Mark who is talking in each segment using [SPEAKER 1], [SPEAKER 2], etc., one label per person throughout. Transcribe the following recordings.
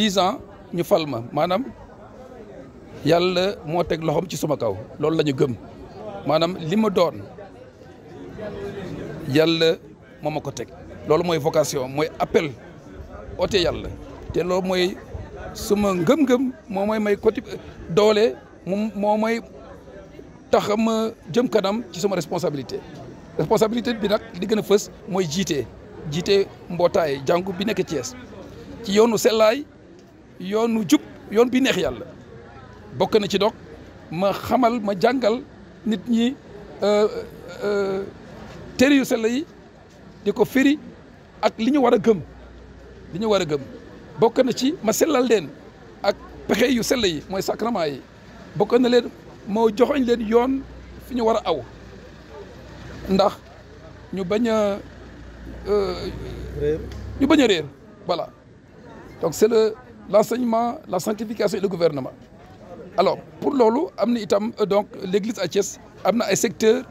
[SPEAKER 1] dix ans ñu fal ma maanaam yàlla moo teg loxoom ci suma kaw loolu la ñu gëm maanaam li ma doon yàlla moo ma ko teg loolu mooy vocation mooy appel oote yàlla te loolu mooy suma ngëm-ngëm moo mooy may côté doole moom moo mooy tax ma jëm kanam ci suma responsabilité responsabilité bi nag li gën a fës mooy jiite jiite mbootaay jàngu bi nekk Thiès ci yoonu sellaay yoonu jub yoon bi neex yàlla bokk na ci dog ma xamal ma jàngal nit ñi euh, euh, téere yu sell yi di ko firi ak li ñu war a gëm li ñu war a gëm bokk na ci ma sellal leen ak pexe yu sell yi mooy sacrement yi bokk na leen moo joxoñ leen yoon fi ñu war a aw ndax ñu bañ a euh, ñu bañ a réer voilà donc c'est l'enseignement, la sanctification et le gouvernement. Alors, pour itam euh, donc l'église à Thiès, il un secteur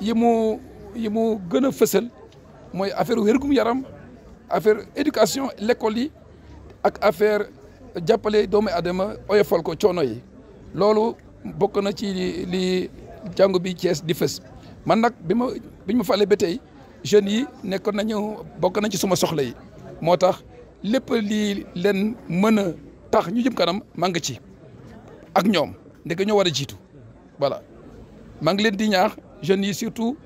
[SPEAKER 1] qui est gëna fessel mooy affaire wérgum yaram affaire éducation l'école yi ak affaire jappalé doomu adama oyofal ko coono yi loolu bokk na ci li jàngu bi Thiès di fës man nag bi ma bi ñu ma falee ba tey jeunes yi nekkoon nañu bokk nañ ci suma soxla yi moo tax lépp lii leen mën a tax ñu jëm kanam maa ngi ci ak ñoom ndeke ñoo war a jiitu voilà maa ngi leen di ñaax jeunes yi surtout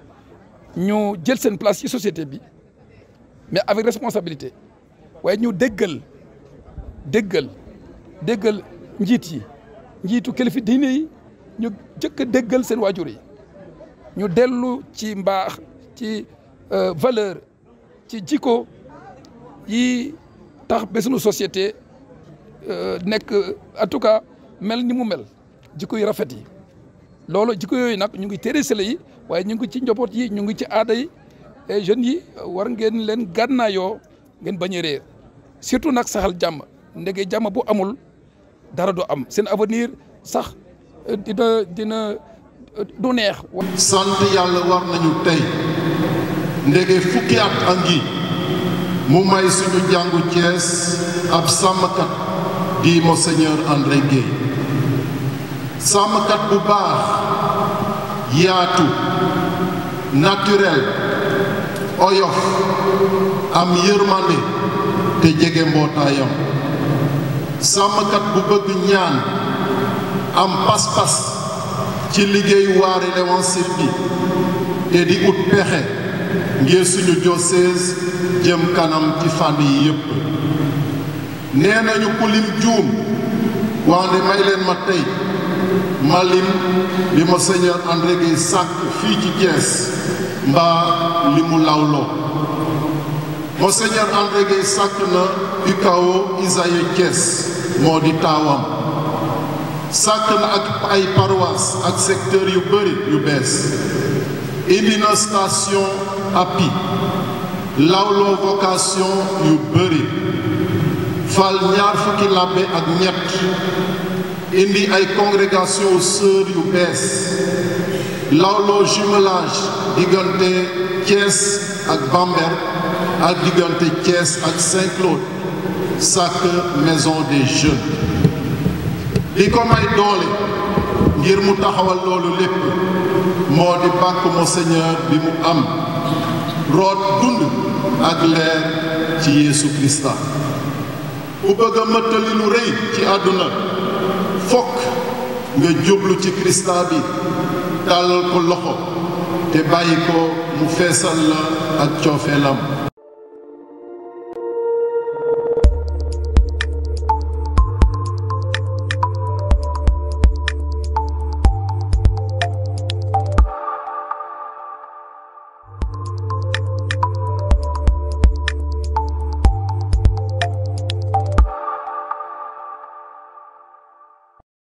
[SPEAKER 1] ñu jël seen place ci société bi mais avec responsabilité waaye ñu déggal déggal déggal njiit yi njiitu kilifa diine yi ñu jëkk a seen waajur yi ñu dellu ci mbaax ci euh, valeur ci jikko yi tax ba suñu société euh, nekk en tout cas mel ni mu mel jikko yu rafet yi loolu jikko yooyu nag ñu ngi tere selay waaye ñu ngi ci njaboot yi ñu ngi ci aada yi et jeunes yi war ngeen leen gànnaayoo ngeen bañ a surtout nag saxal jàmm ndege jàmm bu amul dara du am seen avenir sax euh, dina dina euh, du neex. sant yàlla war nañu
[SPEAKER 2] tey ndege fukki at angi mu may suñu jàngu Cees ab sàmmkat di monseigneur André Guèye sàmmkat bu baax yaatu naturel oyof am yërmande te jege mbootaayam sàmmkat bu bëgg ñaan am pas-pas ci liggéey waare Léoncine bi te di ut pexe ngir suñu jëm kanam ci fànn yi yépp nee nañu ku lim juum wande may leen ma tey ma lim li ma sàkk fii ci Thiès mbaa li mu lawloo Monseigneur André Gueye sàkk na UCAO Isaïe Thiès moo di taawam sàkk na ak ay paroisse ak secteur yu bëri yu bees indi na station appui lawloo vocation yu bëri fal ñaar fukki làbbe ak ñett indi ay congrégation sœur yu bees lawloo jumelage diggante Thiès ak Bamber ak diggante Thiès ak Saint-Claude sàkk maison des jeunes li ko may doole ngir mu taxawal loolu lépp moo di bàkk monseigneur bi mu am root dund ak leer ci Yeesu Kirista bu bëgg a mëttali lu rëy ci àdduna fokk nga jublu ci Kirista bi tàllal ko loxo te bàyyi ko mu feesal la ak coofeelam